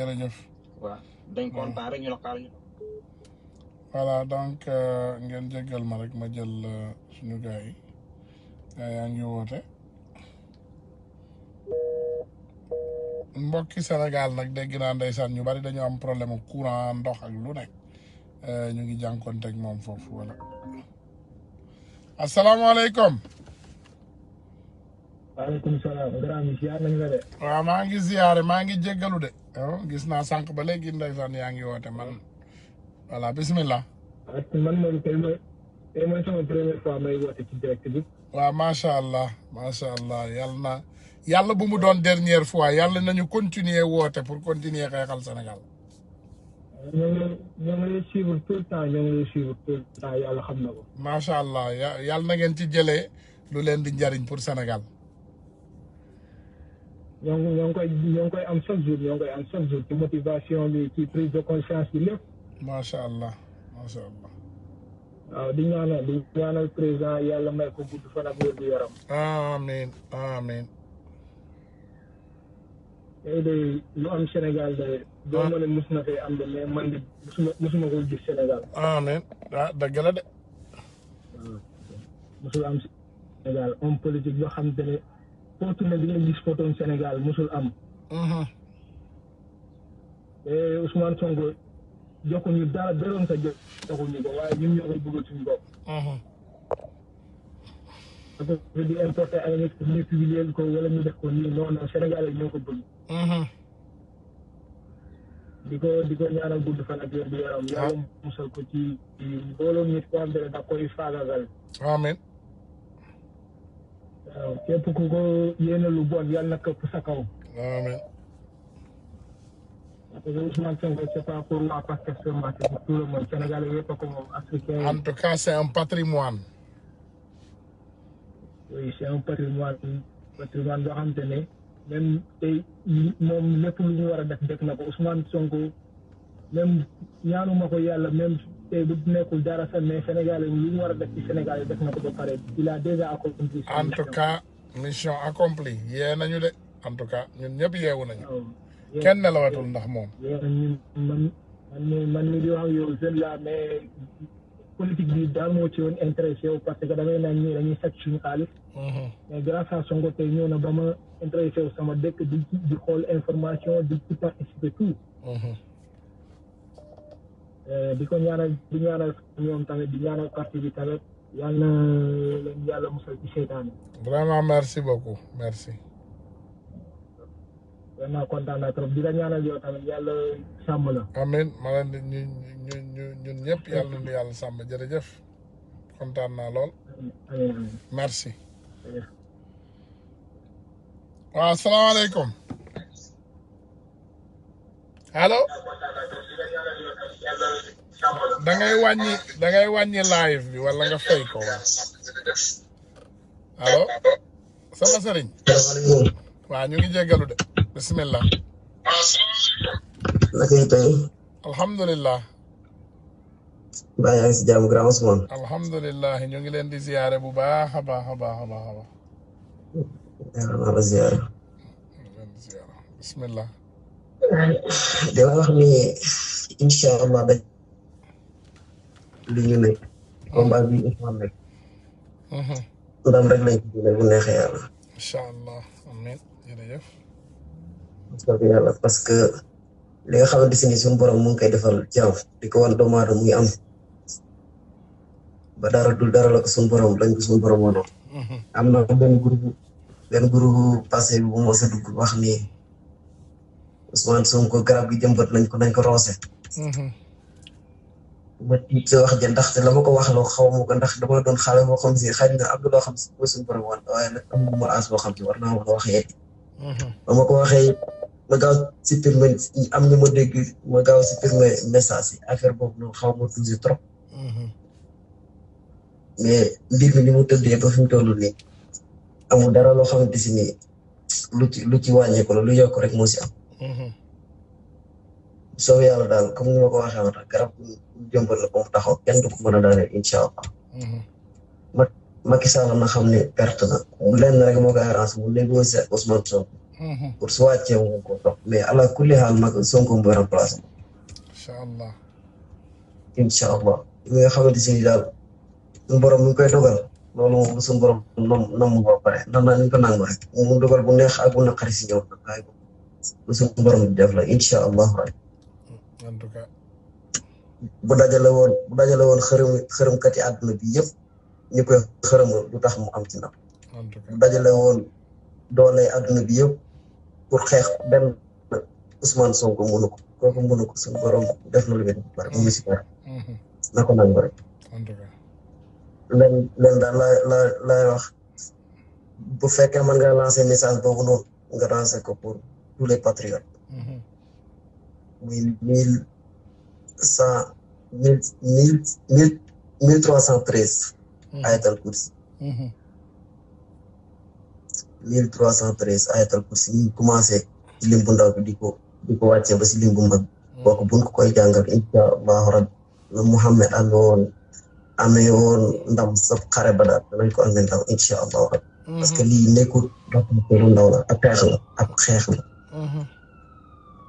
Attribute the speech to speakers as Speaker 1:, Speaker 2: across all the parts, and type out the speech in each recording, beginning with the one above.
Speaker 1: jërëjëf.
Speaker 2: waaw rek ñu
Speaker 1: donc euh, ngeen jéggal ma rek ma jël euh, suñu gars yi yaa woote. mbokki Sénégal nag dégg naa ndeysaan ñu bari dañoo am problème mu courant ndox ak lu nekk euh, ñu ngi jànkuwanteeg moom foofu wala. asalaamaaleykum. waaleykum salaam. waaw maa ngi ziyaare de. yow gis naa sànq ba léegi ndeysaan yaa ngi woote man voilà bismillah ah, man moom tey mooy tey mooy sama première fois may woote ci direct bi waaw macha allah macha allah yàlla na yàlla bu mu doon dernière fois ya, nañu continuer woote pour continuer xeexal Sénégal Ya, ya
Speaker 2: ya, ngi ya suivre tout ya temps ñoo
Speaker 1: na ko macha allah ya, na ngeen ci jëlee lu leen di njariñ pour
Speaker 2: ñoo ngi ñoo ngi koy ñoo am chaque jour ñoo koy am chaque jour ci motivation bi prise de conscience bi lépp. macha allah macha allah. di ñaanal di ñaanal président yàlla may ko gudd fan ak wér gu yaram. amiin amiin. tey de lu am Sénégal de. doo ah. am musuma ko gis Sénégal.
Speaker 1: amiin ah de.
Speaker 2: waaw am Sénégal homme politique yoo xam fortune bi nga gis photo Sénégal mosul am. te mhm. eh, Ousmane Sonko jokkuñu dara beroon sa jëf ko waaye ñun ñoo mhm. ko wala ñu def ko nii non
Speaker 3: mhm.
Speaker 1: di
Speaker 2: ko di ko ñaanal gudd fan ak wér gu yaram. Ah. musal ko ci mbooloo nit ko am da koy faagagal.
Speaker 1: amiin. waaw képp
Speaker 2: ku ko yéene lu bon yal na këpp sa kaw. amiin. parce que Ousmane Sonko c'est pas pour waa Pastef seulement c'est pour tout le monde Sénégalais yëpp a ko moom africain. en
Speaker 1: tout cas c'est un patrimoine.
Speaker 2: oui c'est un patrimoine patrimoine boo xamante ne même tey moom lépp lu ñu war a def def na ko Ousmane Sonko même ñaanuma ko yàlla même. tey bu nekkul dara sax mais
Speaker 1: Sénégal yi lu war a def ci Sénégal yi def na ko ba pare il a déjà accompli. en tout cas mission accomplie yee nañu de en tout cas ñun ñëpp yeewu nañu. Oh, kenn nelawatul ndax
Speaker 2: moom. man man man di wax yow la mais politique bi daal moo ci woon intéressé wu parce que damay naan ñii dañuy sàcc suñu xaalis. Mm-hmm. mais grâce ñëw na ba ma intéressé wu sama dëkk di di xool information di ci participer tout. Mm-hmm. Eh, di ñaanal ñaanal ñoom tamit di ñaanal parti bi tamit yàlla na leen yàlla musal ci seytaane
Speaker 1: vraiment merci beaucoup merci vraiment kontaan naa trop di la ñaanal yow tamit yàlla sàmm la amin ma leen di ñu ñu ñu ñun ñëpp yàlla nu yàlla sàmm jërëjëf kontaan naa lool merci waaw salaamaaleykum allo da ngay wàññi da ngay wàññi live bi wala nga fay ko waa allo sama sëriñ waa ñu ngi jéggalu de bismillah naka yi tey alhamdulilah
Speaker 3: baa yaa ngi si jàmm grand Ousmane
Speaker 1: alhamdulilah ñu ngi leen di ziyaare bu baax a baax a baax a baax a baax ziyaare bismillah
Speaker 3: di wax ni insya Allah dañu nekk combat bi Ousmane rek
Speaker 1: baik.
Speaker 3: rek lañ ci bu neexee yàlla
Speaker 1: Allah amin jërëjëf
Speaker 3: soob yàlla parce que li nga xamante si ni suñu borom mu ngi koy defal di ko wan doomu muy am ba dara dul dara la ko suñu borom lañ ko suñu borom wonoon am na benn groupe benn groupe passé bu mos a dugg wax ni Ousmane Sonko garab gi jëmbat nañ ko nañ ko Mm-hmm. ma tiit sa wax ja ndaxte la ma ko wax loo xaw ma ko ndax dama doon xale boo xam si xaj na am na loo xam si mooy suñu borom woon waaye nag am na as boo xam war naa wax a waxee. Mm-hmm. ba ma ko waxee ma gaaw supprimer am ñu ma dégg ma gaaw message yi affaire boobu noonu xaw ma tuuti trop. Mm-hmm. mais mbir mi ni mu tëddee ba fi mu toll amul dara loo xamante si lu ci lu ci wàññeeku la lu yokk rek moo am. soo yàlla daal comme ni ma ko waxee woon garab bu jëmbal la ba taxaw kenn du ko mën a daaneel incha allah. ma Macky Sall na xam ne perte na lenn rek moo ko arrangé mu négocier ak Ousmane Sonko. pour su wàccee mu ko dox mais kulli xaal Sonko mu remplacé. incha allah. incha allah li nga xamante si daal suñu borom mi ngi koy dogal loolu moom suñu borom nam nam ba pare nan naa ni ko nangu rek mu dogal bu neex ak bu naqari si ñëw suñu borom def la incha allah en tout cas bu dajale woon bu dajale woon xërëm xërëmkat bi yëpp koy tax mu am ci ndam bu dajale woon doole àdduna bi yëpp pour xeex benn Ousmane Sonko mënu ko kooku mënu ko suñu borom def na lu mu bari muy mille cent hmm. hmm. mille trois cent treize ayatal kursi mille trois cent treize ayatal kursi ñu commencé ci lim bu ndaw bi di ko di ko wàccee ba si lim bu mag hmm. kooku buñ ko koy jàngal insha allahu rabbi Muhammad amee woon ndam sa xare ba daal danañ ko amee ndam insha allahu rabbi parce que lii nekkul dafa lu ndaw la ab xeex la ab xeex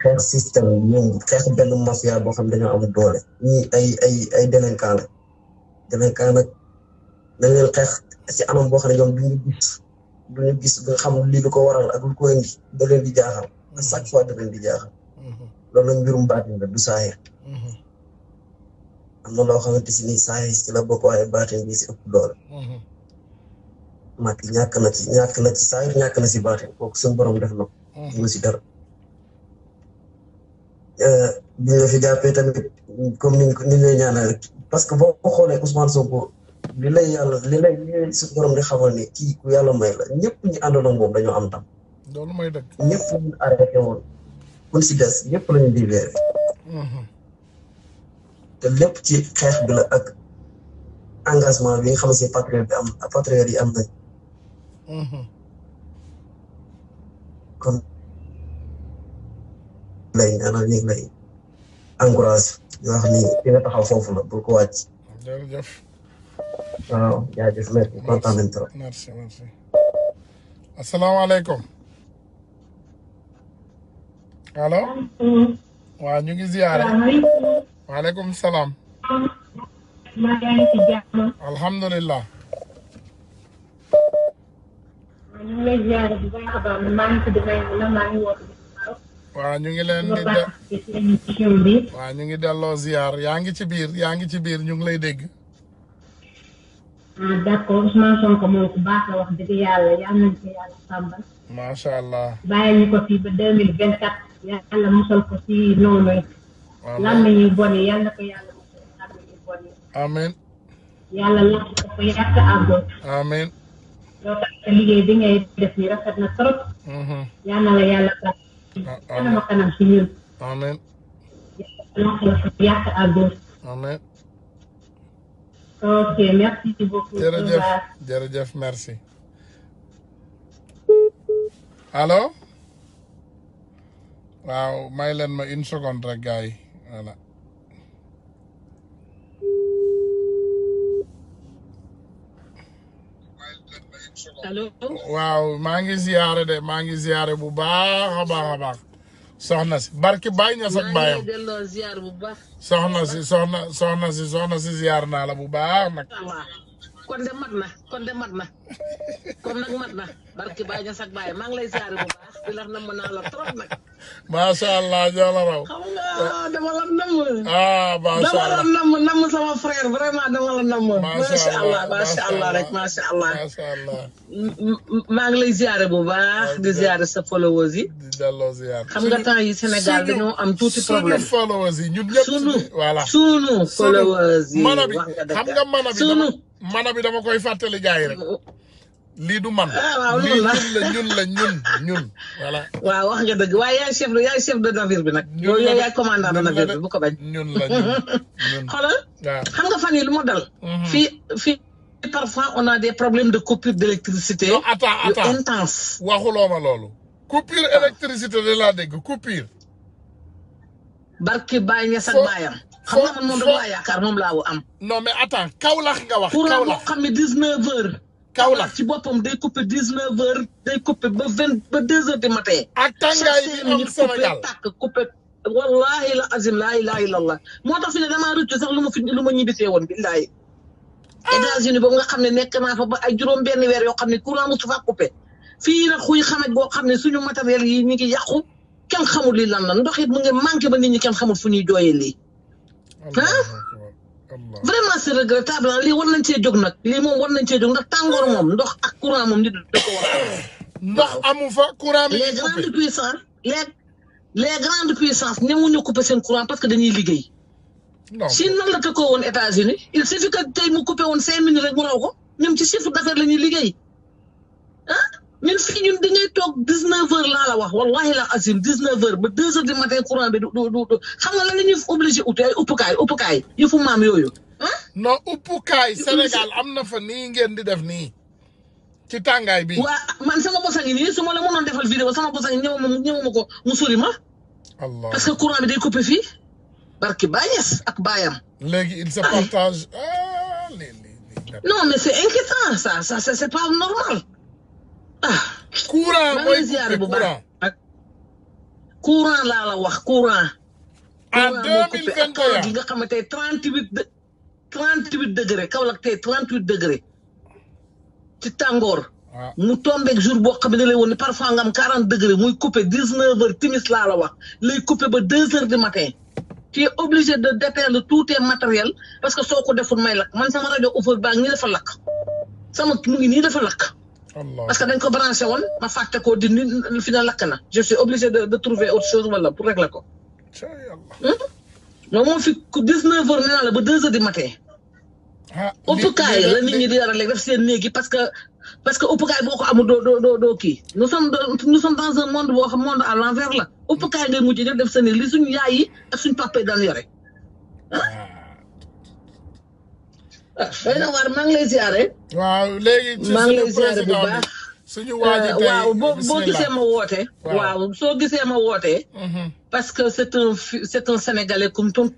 Speaker 3: xeex système ñoom xeex benn mafia boo xam dañoo amul doole ñii ay ay ay délinquant la délinquant nag dañ leen xeex ci anam boo xam ne ñoom duñu gis duñu gis nga xam lii lu ko waral ak lu ko indi da leen di jaaxal à chaque fois da leen di jaaxal mm-hmm. loolu nag mbirum baatin la du mm-hmm. am na loo xamante si ni saahir ci la bokk waaye baatin bi si ëpp doole mm-hmm. mag ñàkk na ci ñàkk na ci ñàkk na si baatin kooku suñu borom def na ko. si dara bi euh, la fi jàppee tamit comme ni niñ lay ñaanal parce que boo xoolee Ousmane Sonko li lay yàlla li lay li su borom di xamal ni kii ku yàlla may la ñëpp ñu àndoon ak moom dañoo am tam. loolu mooy dëgg ñëpp ñu arrêté woon si des ñëpp lañu libéré mhm. te lépp ci xeex bi la ak engagement bi nga xam ne si patriote bi am patriote yi am nañ mhm. lay ñaanal ñu ngi lay encourage di wax ni fi nga taxaw foofu la bul ko wàcc. jërëjëf. waaw jaajëf merci kontaan nañ trop.
Speaker 1: merci merci asalaamaaleykum. allo. waaw ñu ngi ziare. waaleykum salaam. maa ngi ci jàmm. alhamdulilah.
Speaker 2: ñu ngi lay ziare bu baax a baax maa ngi tudd Maymuna maa ngi woote
Speaker 1: waaw ñu ngi leen di de waaw ñu ngi delloo yaa ngi ci biir yaa ngi ci biir ñu ngi lay dégg.
Speaker 2: ah d'accord Ousmane Sonko moom ku baax la wax dëgg yàlla yal ko yàlla sàmbal.
Speaker 1: macha allah. bàyyi ñu ko fii ba deux mille musal ko ci noonu yi. waaw lan yi bon na
Speaker 2: ko yàlla la ñuy bon yi.
Speaker 1: amiin. yàlla lakk ko fa yàq àggoot. amiin. yoo tax liggéey bi ngay def nii na trop. Mm-hmm. yal la yàlla Amin. Amin. Ya, Amin. Ok, merci beaucoup. jërëjëf jërëjëf merci. allo. ma seconde voilà. waaw maa ngi ziyaare de maa ngi ziyaare bu baax a baax soxna si barki bàyyi ña sax soxna si soxna soxna si soxna si ziyaar naa la bu baax
Speaker 4: nag. Ah, kon de mat kon de mat kon nag mat na barki Baye Niass ak Baye maa ngi lay ziare bu baax di la namm naa la trop nag. macha allah ñoo la raw. xam nga dama la namm. ah macha allah dama la namm namm sama frère vraiment dama la namm. macha allah macha allah rek macha allah. macha allah. maa ngi lay ziare bu baax di ziare sa followers yi. di
Speaker 1: delloo ziare. xam nga temps yi Sénégal dañoo am tuuti problème. suñu followers yi ñun ñëpp. suñu voilà suñu followers yi. wax nga dëgg suñu mana bi dama koy fàttali gars yi rek. lii du man ah, lii ñun la ñun
Speaker 4: la ñun ñun voilà waaw wax nga dëgg waaye yaay chef yaay chef de navire bi nag yow yow yaay commandant de navire bi bu ko bañ ñun la ñun xoolal xam nga fan yi lu mu dal mhm. fii fii parfois on a des problèmes de coupure d'électricité attends attends intense
Speaker 1: waxuloo ma loolu coupure ah. électricité de laa dégg coupure
Speaker 4: barki baay ñes ak baayam xam nga man moom dama laa yaakaar moom laa am
Speaker 1: non mais attends kaolax nga wax kaolax
Speaker 4: la 19 heures Kaolack ci boppam day coupé dix neuf heures day coupé ba vingt ba deux heures du matin. ak tàngaay bi am la coupé la coupé. wallaahi la azim moo tax fi ne damaa rëccu sax lu ma fi lu ma ñibbisee woon billaahi. Ah. États-Unis boobu nga xam ne nekk naa fa ba ay juróom benn weer yoo xam ne courant mosu faa coupé fii nag xuy xamet boo xam ne suñu matériel yi ñu ngi yàqu kenn xamul li lan la ndox it mu ngi manqué ba nit ñi kenn xamul fu ñuy jooyee lii ah. vraiment c'est regrettable ah lii war nañ cee jóg nag lii moom war nañ cee jóg ndax tàngoor moom ndox ak courant moom nit da ko war ndox amu fa courant bi les grandes puissances les les grandes puissances ñemuñu couper courant parce que dañuy liggéey. si nan la tëkkoo woon États-Unis il suffit que tey mu coupé woon cinq minutes rek mu raw ko ñoom ci chiffre d'affaires la ñuy liggéey même si ñu dañuy toog 19h laa la wax wallahi la asim 19h ba 2h du matin courant bi du du du xam nga lan la ñuy obligé uti ay uppukaay uppukaay yëfu maam yooyu ah. non uppukaay Sénégal am na fa nii ngeen di def nii. ci tàngaay bi waa man sama bosa ngi nii su ma la mënoon defal vidéo sama bosa ngi ñëw ma ñëw ma ko mu sori ma. Allah parce que courant bi day coupé fii. barki Bañes ak baayam léegi il se ah. partage ah non mais c'est inquiétant ça ça c'est pas normal. courant mooy coupé courant. courant laa la wax courant. en deux mille vingt et un nga xamante ne trente huit de trente huit degré Kaolack tey trente huit degré ci tàngoor. Ah. mu tombeeg jour boo xam ne da lay ne parfois nga am quarante degré muy coupé dix neuf heures timis laa la wax lay coupé ba deux heures du matin. tu es obligé de déterrer tout tes matériels parce que soo ko deful may lak man sama rajo offre baa ngi nii dafa lakk sama mu ngi nii dafa lakk. parce que dañ ko branché won ma fàtte ko di fi na lakk na je suis obligé de de trouver autre chose wala pour régler ko. moom moom fi ku 19 heures nee naa la ba 2 h du matin. Ah, uppukaay la nit ñi di yara léegi def sen néeg parce que parce que uppukaay boo ko amul do do do ki nous sommes nous sommes dans un monde boo xam monde à l'envers la uppukaay ngay mujj def sen li suñu yaay yi ak suñu papa dañ daan yore ah. ah xëy na waar maa lay ziare. waaw léegi ci suñu président bi suñu waa waaw boo boo gisee ma woote. waaw soo gisee ma wootee. parce que c' est un c' est un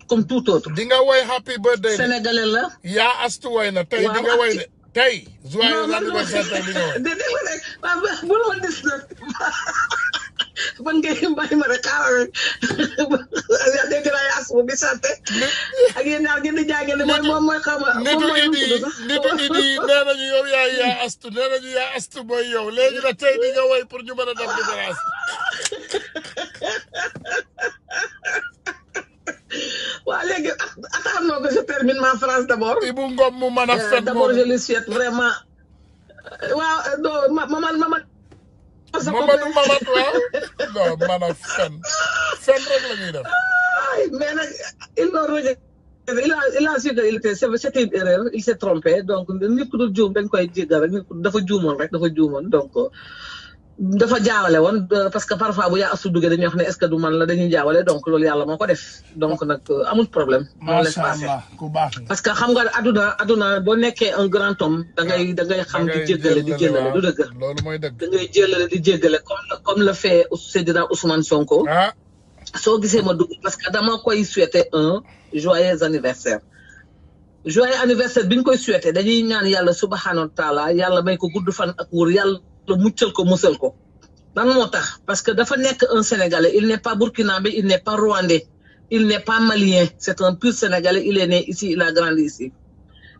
Speaker 4: comme tout autre. di nga woy happy birthday de. la. yaa astu woy na tey di nga woy de. tey. joyeux anniversaire tey di nga woy. dégg nga rek waaw bu man ngay mbay ma rek xaaral rek dégg naa yaas bu bi sante ak yéen daal di jàngale mooy moom mooy xaw ma nit di nit ñi di yaa
Speaker 1: yaa astu mooy yow léegi nag tey di nga woy pour ñu mën a def différence
Speaker 4: waaw léegi attends non que je termine ma phrase d' abord Ibou Ngom mu mën a fet d' abord je lui souhaite vraiment waaw non mamal mamal Mamadou Mamat waaw non maanaam fen fen rek la ñuy def. mais nag il doon rajo il a il a su de il était c'était donc nit ku dul juum dañ koy jéggal rek nit ku dafa juumoon rek dafa juumoon donc. dafa jaawale woon parce que parfois bu yaa astu duggee dañuy wax ne est-ce que du man la dañuy jaawale donc loolu yàlla moo ko def donc nag euh, amul problème. moo laisse passer parce que xam nga aduna aduna boo nekkee un grand homme. da ngay da ngay xam di jéggale di jéggale du dëgg. loolu mooy dëgg da ngay jéggale di jéggale comme comme le fait Seydina Ousmane Sonko. Ah. soo gisee ma dugg parce que dama koy souhaiter un joyeux anniversaire. joyeux anniversaire bi ñu koy souhaiter dañuy ñaan yàlla subhaanahu wa taala yàlla may ko gudd fan ak wóor yàlla. le ko dans le « parce que dafa n'est un sénégalais il n'est pas burkinabé il n'est pas rwandais il n'est pas malien c'est un pur sénégalais il est né ici il a grandi ici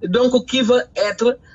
Speaker 4: donc qui veut être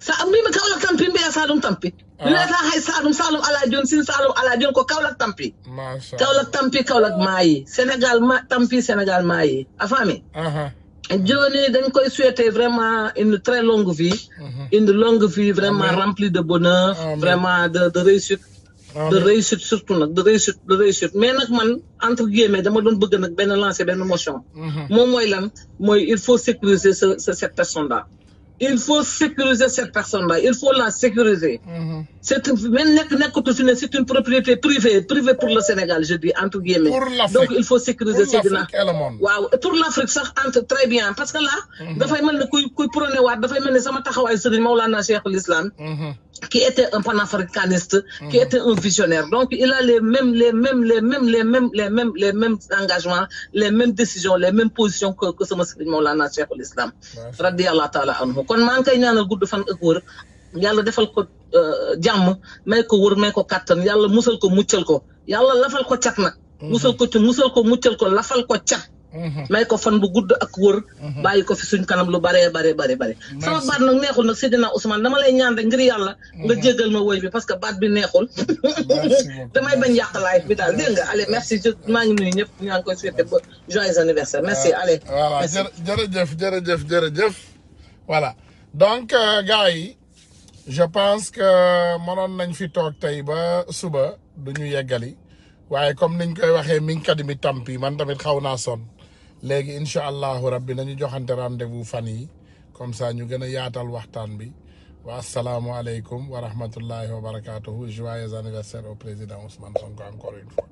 Speaker 4: sa mbiimi kawlak tampi sa dum tampi ah. leta hay dum salum ala joni sin salum ala joni ko kawlak tampi kawlak tampi kawlak maayi sénégal ma tampi sénégal maayi a faami joni dañ koy souhaiter vraiment une très longue vie mhm. une longue vie vraiment remplie de bonheur vraiment de de réussite de réussite surtout nak de réussite de réussite mais nak man entre guillemets dama doon bëgg nak benn lancer benn motion mhm. moom moy lan moy il faut sécuriser ce cette personne là il faut sécuriser cette personne-là. Il faut la sécuriser. Mm-hmm. C'est une propriété privée, privée pour le Sénégal, je dis, entre guillemets. Pour Donc, il faut sécuriser ces dinars. Wow. Pour l'Afrique, ça entre très bien. Parce que là, il faut que l'islam qui était un panafricaniste, qui mhm. était un visionnaire. Donc, il a les mêmes, les mêmes, les mêmes, les mêmes, les mêmes, les mêmes engagements, les mêmes décisions, les mêmes positions que, que ce musulman, la nation, l'islam. Radiallah ta'ala anhu. Quand manque, il y a un goût de fan, yalla defal ko Euh, jàmm may ko wër may ko kàttan yàlla musal ko muccal ko yàlla lafal ko cat nag mhm. musal ko ci musal ko muccal ko lafal ko cat mhm. may ko fan bu gudd ak wër mhm. bàyyi ko fi suñ kanam lu bare bare bare bare sama baat na neexul na Seydina Ousmane dama lay ñaan rek ngir yàlla nga jégal ma woy bi parce que baat bi neexul damay bañ yàq live bi daal dégg nga allez merci maa ngi nuyu ñëpp ñaa ngi koy souhaité ba joyeux anniversaire merci
Speaker 1: allez voilà jërëjëf jërëjëf jërëjëf voilà donc euh, gars je pense que mënoon nañ fi toog tey ba suba du ñu yeggali waaye comme niñ koy waxee mi ngi kat tampi man tamit xaw naa sonn léegi incha allahu rabbi nañu joxante rendez-vous fan yi comme ça ñu gën a yaatal waxtaan bi wa asalaamualeykum wa rahmatullahi wa barakatuhu joyeux anniversaire au président Ousmane Sonko encore une fois